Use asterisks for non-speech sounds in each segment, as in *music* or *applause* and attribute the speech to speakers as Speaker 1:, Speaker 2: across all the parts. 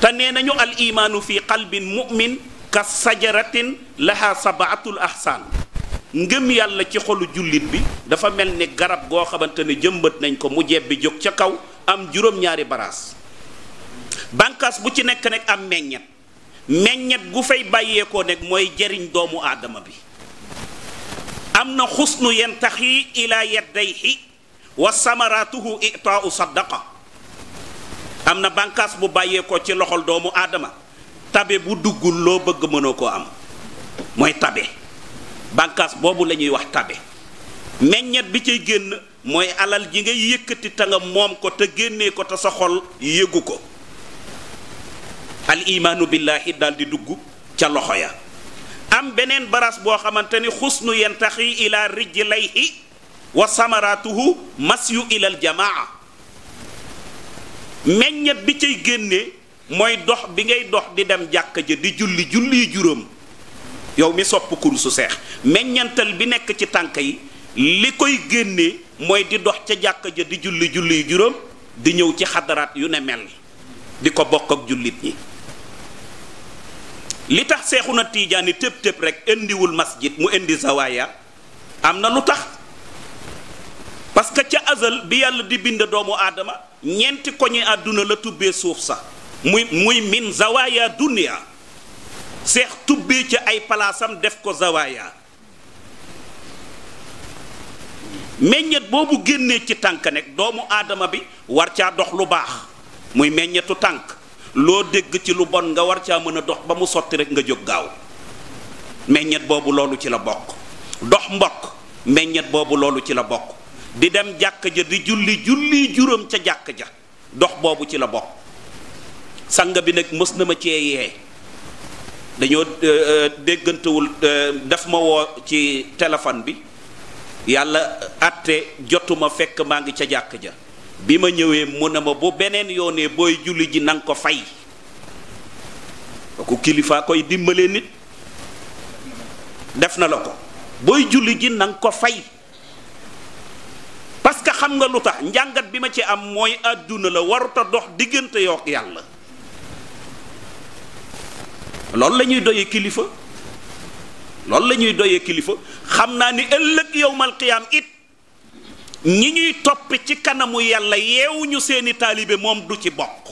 Speaker 1: te nee nañu al imaanu fi qalbin mu'min ka sajaratin laha sabaatul ahsaan ngëm yàlla ci xolu jullit bi dafa mel ni garab goo xamante ne jëmbat nañ ko mu jebbi jóg ca kaw am juróom-ñaari baraas banqaas bu ci nekk nag am meññet meññet gu fay bàyyeekoo nekk mooy jariñ doomu aadama bi am na xusnu yantaxi ila yaddayhi wa samaratuhu itaau sadaqa am na bànqaas bu bàyyee ko ci loxol doomu aadama tabe bu dugg loo bëgg mënoo ko am mooy tabe banqaas boobu la ñuy wax tabe meññet bi cay génn mooy alal ji ngay yëkkati ta moom ko te génnee ko te sa xol yëgu ko alimaanu imaanu billaahi daal di dugg ca loxo ya am beneen baraas boo xamante ni xusnu yantaxi ila rijlayhi wa mas yu ilal jamaa meññet bi cay génnee mooy dox bi ngay dox di dem jàkk ja di julli julli juróom yow mi sopp kursu seex meññantal bi nekk ci tànk yi li koy génne mooy di dox ca jàkk ja di julli julli juróom di ñëw ci xadaraat yu ne mel di ko bokk ak jullit yi li tax seexu na tiijaani tëb tëb rek indiwul masjid mu indi zawaaya am na lu tax parce ca azal bi yàlla di bind doomu aadama ñeenti koñi àdduna la tubbee suuf sa muy miin min zawaaya dunia seex tubbee ci ay palaasam def ko zawaaya meññet boobu génnee ci tànk nekk doomu aadama bi war caa dox lu baax muy meññetu tànk loo dégg ci lu bon nga war caa mën a dox ba mu sotti rek nga jóg gaaw meññet boobu loolu ci la bokk dox mbokk meññet boobu loolu ci la bokk di dem jàkk ja di julli julli juróom ca jàkk ja dox boobu ci la bokk sang bi nag mës na ma cee yee dañoo euh, euh, déggantewul euh, daf ma woo ci téléphone bi yàlla atte jotuma fekk maa ngi ca jàkk ja bi ma ñëwee mu ne ma bu beneen yoonee booy julli ji nanga ko fay kooku kilifa koy dimbalee nit def na la ko booy julli ji nanga ko fay parce que xam nga lu tax njàngat bi ma ci am mooy àdduna la waruta dox diggante yook yàlla loolu lañuy ñuy doyee kilifa loolu lañuy ñuy doyee kilifa xam naa ni ëllëg yowmal qiyaam it ñi ñuy topp ci kanamu yàlla yeewuñu seeni taalibe moom du ci bokk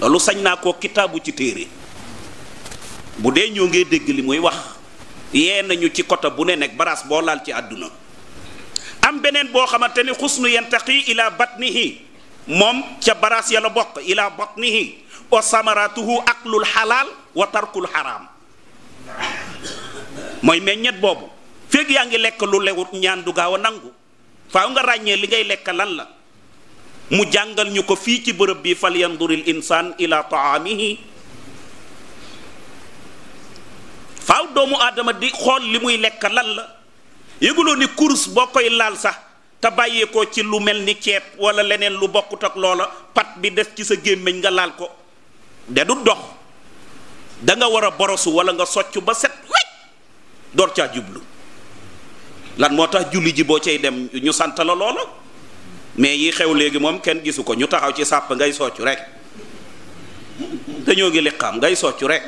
Speaker 1: loolu sañ naa ko kitaabu ci téere bu dee ñoo ngee dégg li muy wax yee nañu ci côté bu ne nekk baraas boo laal ci àdduna am boo xamante ni xusnu yantaqi ila batnihi moom ca baraas ya la bokk ila batnihi wa samaratuhu xalaal wa tarkul xaraam mooy meññet boobu feeg yaa ngi lekk lu lewut ñaan du gaaw a nangu faaw nga ràññee li ngay lekk lan la mu jàngal ñu ko fii ci bërëb bi fal yanduril insaan ila taamihi faaw doomu aadama di xool li muy lekk lan la yëguloo ni course boo koy laal sax te bàyyeekoo ci lu mel ni ceeb wala leneen lu bokkut ak loola pat bi des ci sa gémmiñ nga laal ko de du dox danga war a borosu wala nga soccu ba set wecc door caa jublu lan moo tax julli ji boo cay dem ñu sant la loola mais yi xew léegi moom kenn gisu ko ñu taxaw ci sàpp ngay soccu rek te ñoo ngi liqaam ngay soccu rek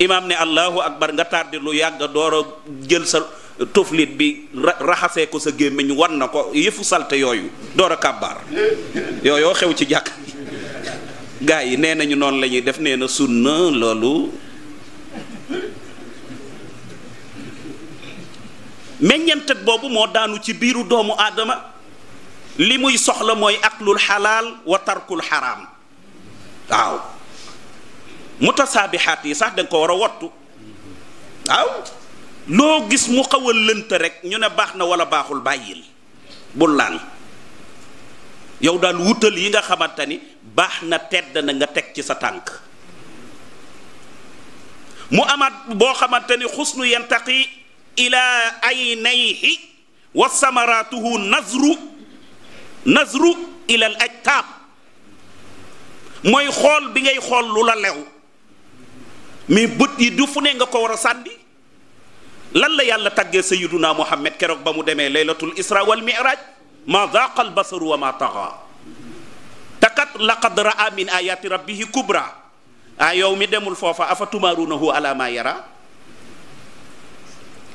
Speaker 1: imaam ne allahu akbar nga tardé lu yàgg door a jël sa toflit bi raxasee ko sa gémmiñ war na ko yëfu salte yooyu door a kàbbaar yooyoo xew ci jàkk *laughs* gaa yi nee nañu noonu lañuy def nee na sunna loolu meññentet boobu moo daanu ci biiru doomu aadama li muy soxla mooy aklul xalaal wa tarkul xaraam waaw mutasaabihaat yi sax danga ko war a wottu waaw loo gis mu xaw lënt rek ñu ne baax na wala baaxul bàyyil bul laan yow daal wutal yi nga xamante ni baax na tedd na nga teg ci sa tànk mu amaat boo xamante ni xusnu yantaqi ilaa aynayhi wa samaraatuhu nazru nazru ilal ajtaab mooy xool bi ngay xool lu la lew mais but yi du fu ne nga ko war a sànni lan la yàlla tàggee sayyiduna muhammad keroog ba mu demee laylatul isra wal mi'raj ma daqa al basaru wa ma taxa takat laqad ra'a min ayati rabbihi kubra ah yow mi demul foofa afa tumaarunahu ala ma yara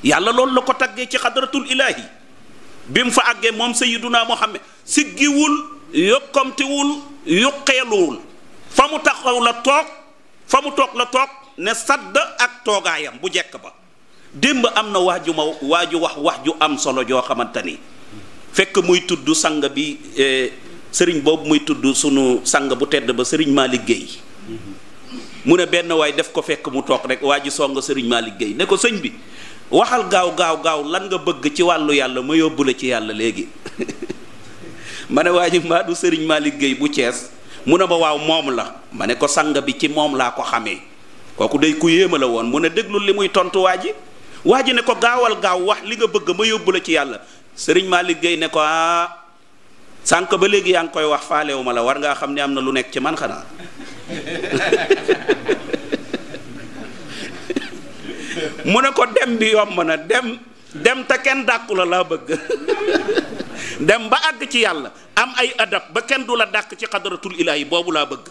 Speaker 1: yàlla loolu la ko taggee ci xadratul ilahi bi mu fa àggee moom sayyiduna muhammad siggiwul yokkamtiwul yuqeeluwul fa mu taxaw la toog fa mu toog la toog ne sadd ak toogaayam bu jekk ba démb am na waa ju ma waa ju wax wax ju am solo joo xamante ni fekk muy tudd sang bi eh, sëriñ boobu muy tudd sunu sang bu tedd ba sëriñ maa liggéey mu ne benn waay def ko fekk mu toog rek waa ji song sëriñ maa liggéey ne ko sëñ bi waxal gaaw gaaw gaaw lan nga bëgg ci wàllu yàlla ma yóbbu la ci yàlla léegi *laughs* ma ne waa ji maa du sëriñ maa liggéey bu Cees mu ne ma waaw moom la ma ne ko sang bi ci moom laa ko xamee kooku day ku yéema woon mu ne déglul li muy tontu waa ji waa ji ne ko gaawal gaaw wax li nga bëgg ma yóbbu la ci yàlla sëriñ maa liggéey ne ko ah sànq ba léegi yaa ngi koy wax faalewu ma la war ngaa xam ne am na lu nekk ci man xanaa *laughs* mu ne ko dem bi yomb na dem dem te kenn dàqu la laa bëgg *laughs* dem ba àgg ci yàlla am ay adab ba kenn du la dàq ci xadaratul ilaahi boobu laa bëgg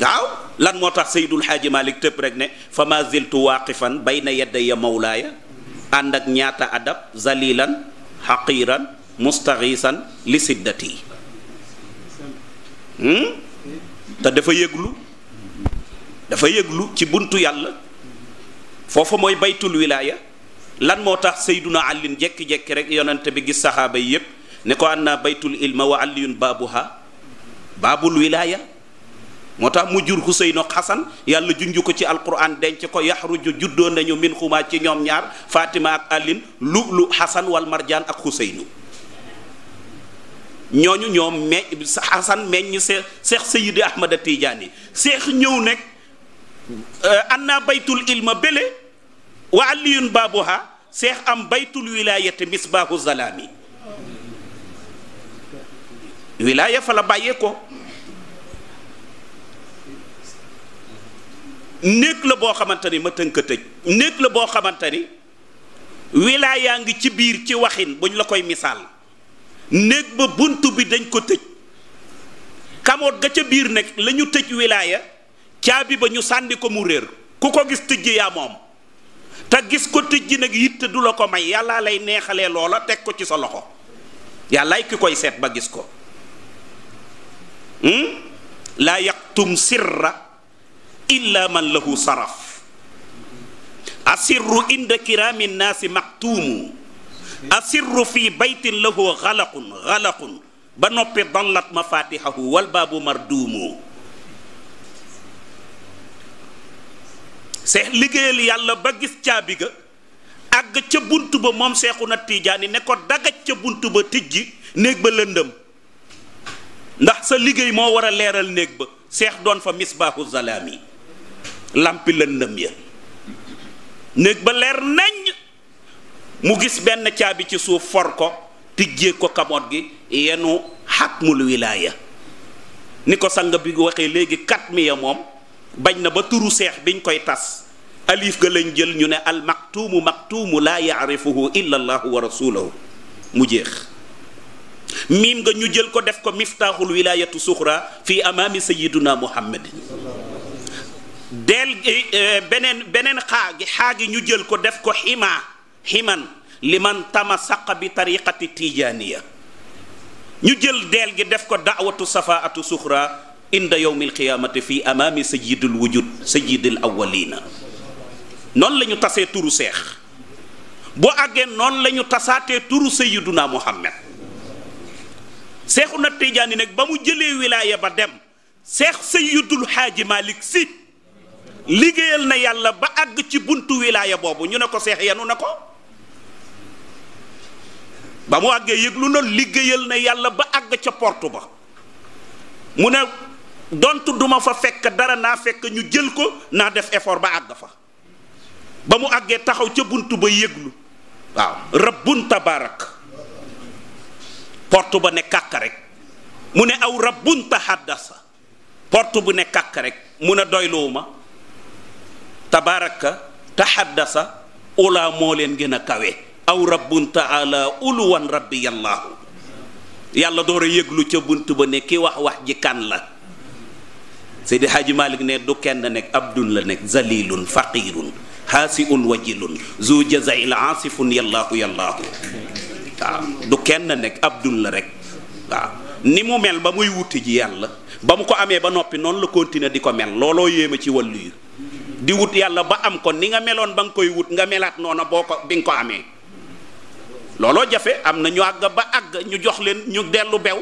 Speaker 1: waaw lan moo tax Seydul Xaaji Malik tëpp rek ne fa ma ziltu waaqifan bayna yadaya mawlaaya ànd ak ñaata adab zalilan xaqiran mustaxiisan li siddati hmm? te dafa yëglu dafa yëglu ci buntu yàlla foofa mooy baytul wilaaya lan moo tax Seyduna Alin jekki-jekki rek yonente bi gis saxaaba yi yépp ne ko ànd naa baytul ilma wa aliyun baabuha baabul wilaaya moo tax mu jur Xuseynu Xasan yàlla junj ko ci alquran denc ko yaxruju juddoo nañu min xumaa ci ñoom ñaar Fatima ak Alin lu lu Xasan wal Marjaan ak Xuseynu ñooñu ñoom me Xasan meññ see seex Sayidi Ahmada Tijaani seex ñëw nekk euh, anna baytul ilma bele wa aliyun baabuha seex am baytul wilaayati misbaahu zalaami wilaaya fa la bàyyee néeg la boo xamante ni ma tënk tëj néeg la boo xamante ni wilaayaa ngi ci biir ci waxin buñ la koy misaal néeg ba bunt bi dañ ko tëj kamoot ga ca biir nag lañu ñu tëj wilaaya caabi ba ñu sànni ko mu réer ku ko gis tëjji yaa moom te gis ko tëjji nag yitte du la ko may yàlla lay neexalee loola teg ko ci sa loxo yàllaay ki koy seet ba gis ko hmm? laa yaqtum sirra illa man lahu saraf asirru inda kiraami naasi maktuumu asirru fi baytin lahu xalaqun xalaqun ba noppi dallat mafaatixahu wal baabu marduumu seex liggéeyal yàlla ba gis caabi ga àgg ca bunt ba moom seexuna tiijaani ne ko dagaj ca bunt ba tijji néeg ba lëndëm ndax sa liggéey moo war a leeral néeg ba seex doon fa misbaahu zalaami làmpi lëndëm ya néeg ba leer naññ mu gis benn caabi ci suuf for ko tijjee ko kamoot gi yenu xakmul wilaaya ni ko sang bi waxee léegi kat mi ya moom bañ na ba turu seex biñ koy tas alif ga lañ jël ñu ne al maktuumu maktuumu laa yaarifuhu illa allahu wa rasulahu mu jeex miim nga ñu jël ko def ko miftaaxul wilaayatu suxra fi amaami sayiduna muhammadin deel eh, eh, beneen beneen xaa gi xaa gi ñu jël ko def ko xima ximan tama saq bi tariqati ya ñu jël del gi def ko daawatu safaatu suxra inda yowmi alqiyaamati fi amaami sayidul wujud sayidil awwalina noonu lañu tasee turu seex boo àggee noonu lañu ñu tasaatee turu sayiduna muhammad seexu na tijaani nag ba mu jëlee wilaaya ba dem seex sayidul xaaji malik si liggéeyal na yàlla ba àgg ci buntu wilaaya boobu ñu ne ko seex yanu na ko ba mu àggee yëglu na liggéeyal na yàlla ba àgg ca porte ba mu ne dont duma fa fekk dara naa fekk ñu jël ko naa def effort ba àgg fa ba mu àggee taxaw ca bunt ba yëglu waaw rabbun tabaarak porte ba ne kàkk rek mu ne aw rabbun tahaddasa port bu ne kàkk rek mu ne doyluwuma tabaraka taxaddasa ulaa moo leen gën a kawe aw rabbun taala uluwan rabbi yàlla door a yëglu ca bunt ba ne ki wax wax ji kan la Seydi Haaji Malik ne du kenn nekk dun la nekk zalilun faqirun haasiun wajilun zu jazail aasifun yallaahu yallaahu waaw du kenn nekk ab dun la rek waaw ni mu mel ba muy wuti ji yàlla ba mu ko amee ba noppi noonu la continuer di ko mel looloo yéeme ci wàllu yi di wut yàlla ba am ko ni nga meloon ba nga koy wut nga melaat noona boo ko bi nga ko amee looloo jafe am na ñu àgg ba àgg ñu jox leen ñu dellu bew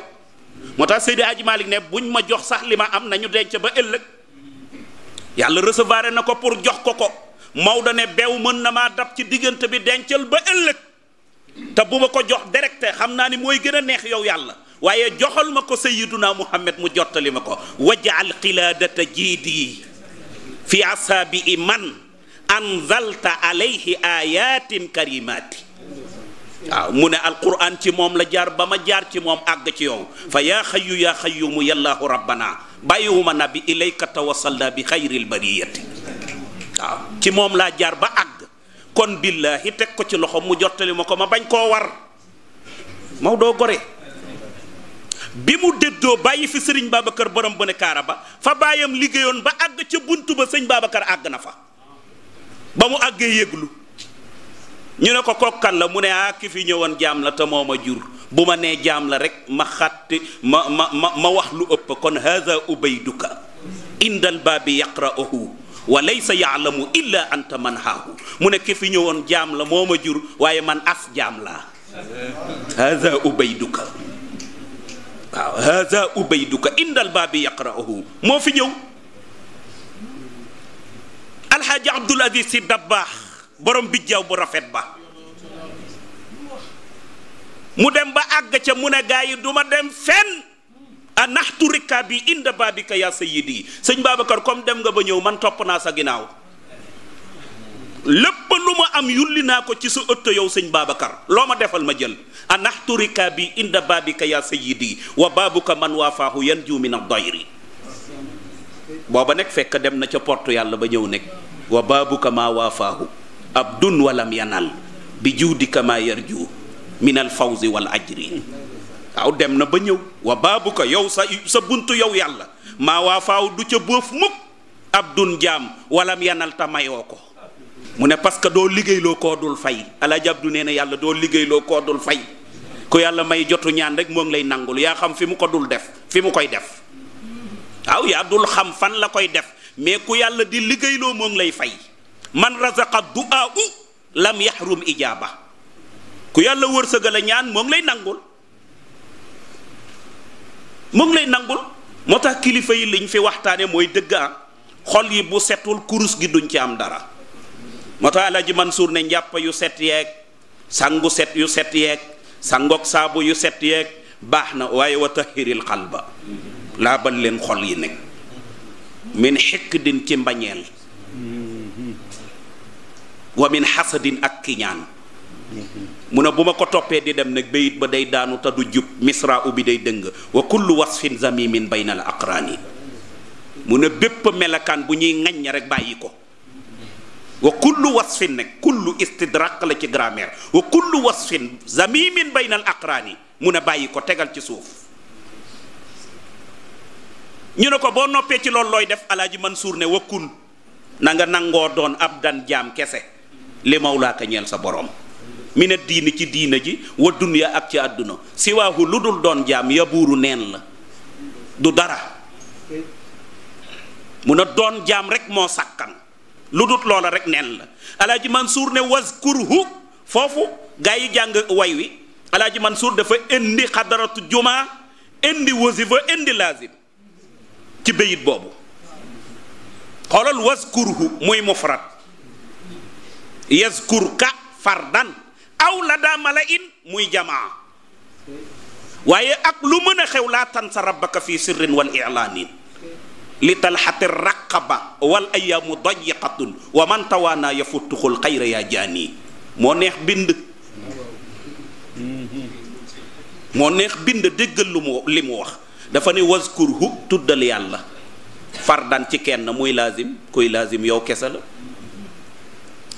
Speaker 1: moo tax Seydi Aji Malik ne buñ ma jox sax li ma am na ñu denc ba ëllëg yàlla recevoir na ko pour jox ko ko Maodo ne bew mën na maa dab ci diggante bi dencal ba ëllëg te bu ma ko jox direct xam naa ni mooy gën a neex yow yàlla waaye joxal ma ko Sayyiduna Muhammad mu jottali ma ko wajaal xilaadata jiidi fi asaabi i man anzalta alayhi ayatin karimati waaw mu ne alquran ci moom la jaar ba ma jaar ci moom àgg ci yow fa yaa xayyu yaa xayyumu yallaahu rabbana bàyyiwuma na bi ilayka tawassalna bi xayril bariyati waaw ci moom laa jaar ba àgg kon billaahi teg ko ci loxo mu jottali ma ko ma bañ koo war Maodo Gore bi mu déddoo bàyyi fi sëriñ Babacar borom bu ne kaara ba fa baayam liggéeyoon ba àgg ca bunt ba sëñ Babacar àgg na fa ba mu àggee yëglu ñu ne ko kokkan la mu ne ah ki ñëwoon jaam la te moo ma jur bu ma nee jaam la rek ma xàtti ma wax lu ëpp kon haza ubayduka indal baabi yaqra'uhu wa laysa yaalamu illa anta man haahu mu ne ki ñëwoon jaam la moo ma jur waaye man as jaam laa *laughs* haza ubayduka waaw haza ubayduka indal baabi yaqra'uhu moo fi ñëw alxaaji abdul aziz si dabbaax borom bijjaaw bu rafet ba mu dem ba àgg ca mu ne gaa yi duma dem fenn a naxtu rikkaa bi inda baabika yaa sayidi sëñ Babacar comme dem nga ba ñëw man topp naa sa ginnaaw lépp lu ma am yulli naa ko ci sa ëtt yow sëñ Babacar loo ma defal ma jël anaxturika bi inda babika ya sayidi wa babuka man waafaahu yan jiw min ad-dayri booba nekk fekk dem na ca porte yàlla ba ñëw nekk wa babuka ma waafaahu abdun walam yanal bi juudika ma yarju min al fawzi wal ajri waaw dem na ba ñëw wa baabuka yow sa sa buntu yow yàlla maa waafaahu du ca boof mukk abdun jaam walam yanal ta ko mu ne parce que doo liggéeyloo koo dul fay alaaji du nee na yàlla doo liggéeyloo koo dul fay ku yàlla may jotu ñaan rek moom lay nangul yaa xam fi mu ko dul def fi mu koy def waaw yaa dul xam fan la koy def mais ku yàlla di liggéeyloo moo lay fay man razaqa du'a u lam yahrum ijaaba ku yàlla wërsëgal a ñaan moom lay nangul moo lay nangul moo tax kilifa yi liñ fi waxtaane mooy dëgg ah xol yi bu setul kurus gi duñ ci am dara moo ji man Mansuur ne njàpp yu set yeeg sangu set yu set yeeg sangoog saabu yu set yeeg baax na waaye wa tahiril xalba laabal leen xol yi nekk min xekk din ci mbañeel wa min xasadin ak kiñaan mu ne bu ma ko toppee di dem nag bayit ba day daanu te du jub misra u bi day dëng wa kullu wasfin zamimin bayna al aqraani mu ne bépp melakaan bu ñuy ŋaññ rek bàyyi ko wa kullu wasfin la ci grammaire wa kullu wasfin zamimin baynal aqraani mu a bàyyi ko tegal ci suuf ñu ne ko boo noppee ci loolu looy def alaaji Mansuur ne wa kun na nga nangoo doon ab dan jaam kese li mawlaaka ñeel sa boroom mi ne diini ci diina ji wa dunya ak ci àdduna siwaahu lu dul doon jaam yabuuru neen la du dara mun a doon jaam rek moo sàkkan lu dut loola rek neen la alaaji Mansour ne waskurhu foofu gaa yi jàng way wi alaaji suur dafa indi xadaratu juma indi wasifa indi laazim ci béyit boobu xoolal waskurhu muy mufrad yazkur ka fardan aw la daa mala in muy jamaa waaye ak lu mën a xew laa tansa rabbaka fi sirrin wal i'laanin li talxati raqaba wal ayaamu dayiqatun wa man tawaana yafutuxul xayra yaa jaani moo neex bind moo neex bind déggal lu mu li mu wax dafa ne waskurhu tuddal yàlla fardan ci kenn muy laazim kuy laazim yow kese la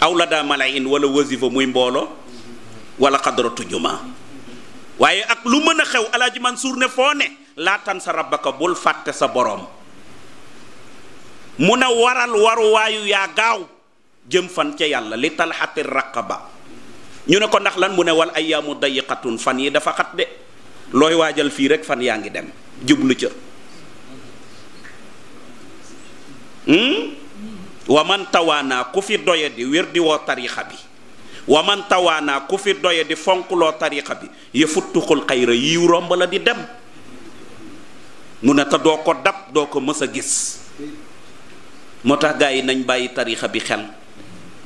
Speaker 1: aw la daa malayin wala wasifa muy mbooloo wala xadratu juma waaye ak lu mën a xew alaaji Mansuur ne foo ne laa tan sa rabaka bul fàtte sa boroom mu ne waral waruwaayu yaa gaaw jëm fan ca yàlla li talxati raqaba ñu ne ko ndax lan mu ne wal ayyaamu dayiqatun fan yi dafa xat de looy waajal fii rek fan yaa ngi dem jublu ca hmm? wa man tawaanaa ku fi doye di wér di woo bi wamantawaanaa ku fi doye di fonkloo tarixa bi yëfuttuxul xayra yiw romb la di dem mu ne te doo ko dab doo ko mës a gis moo tax gaa nañ bàyyi tarixa bi xel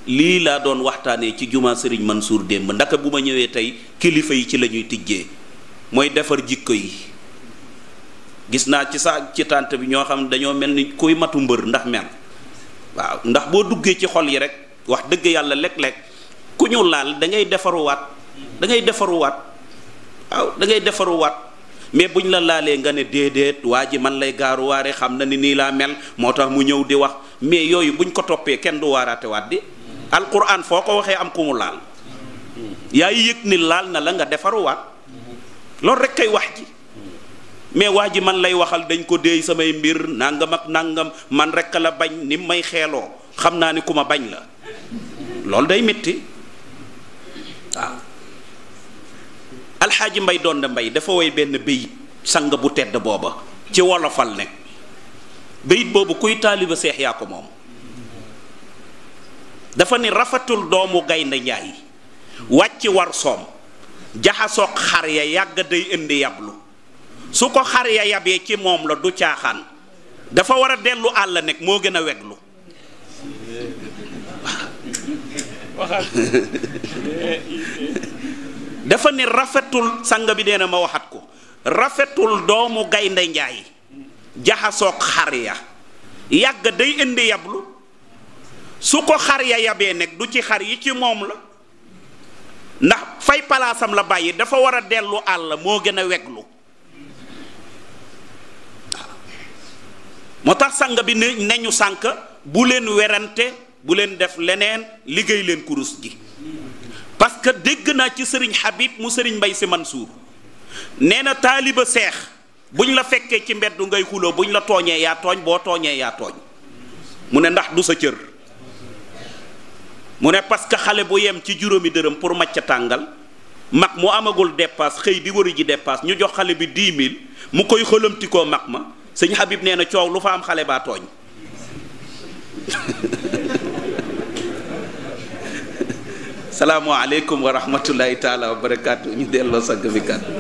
Speaker 1: lii laa doon waxtaanee ci juma man suur démb ndaka bu ma ñëwee tey kilifa yi ci lañuy ñuy tijjee mooy defar jikko yi gis naa ci sax ci tànt bi ñoo xam ne dañoo mel ni kuy matu mbër ndax mel waaw ndax boo duggee ci xol yi rekk wax dëgg yàlla lekk-lekk ku ñu laal dangay defaruwaat dangay defaruwaat waaw da defaruwaat mais buñ la laalee nga ne déedéet waa ji man lay gaaruwaare xam na ni nii laa mel moo tax mu ñëw di wax mais yooyu buñ ko toppee kenn du waaraate waat di alquran foo ko waxee am ku mu laal yaay yëg ni laal na la nga defaruwaat loolu rek kay wax ji mais waa ji man lay waxal dañ ko déey samay mbir nangam ak nangam man rek la bañ ni may xeeloo xam naa ni ku ma bañ la loolu day métti alxaaji mbay doon donde mbay dafa woy benn béyit sang bu tedd booba ci wolofal ne béyit boobu kuy taaliba seex yaa ko moom dafa ne rafetul doomu gaynde njaay wàcc war soom jaxasoog xar ya yàgg day indi yablu su ko xar ya yabee ci moom la du caaxaan dafa war a dellu àll nekk moo gën a weglu *laughs* dafa ne rafetul sang bi nee na ma waxat ko rafetul doomu gaynde njaay jaxasoog xar ya yàgg day indi yablu su ko xar ya yabee nekk du ci xar yi ci moom la ndax fay palaasam la bàyyi dafa war a dellu àll moo gën a weglu moo tax sang bi ne nañu sànk bu leen werante bu leen def leneen liggéey leen kurus gi parce que dégg naa ci sëriñ Habib mu sëriñ Mbay Si Mansuur nee na taaliba seex buñ la fekkee ci mbeddu ngay xuloo buñ la tooñee yaa tooñ boo tooñee yaa tooñ mu ne ndax du sa cër mu ne parce que xale bu yem ci juróomi dërëm pour ca tàngal mag mu amagul dépasse xëy di wëri ji dépasse ñu jox xale bi 10 000 mu koy xëlamtikoo mag ma sëñ Habib nee na coow lu fa am xale baa tooñ *laughs* salaamualeykum wa rahmatullahi taala wa barakaatu ñu delloo sang bi kàddu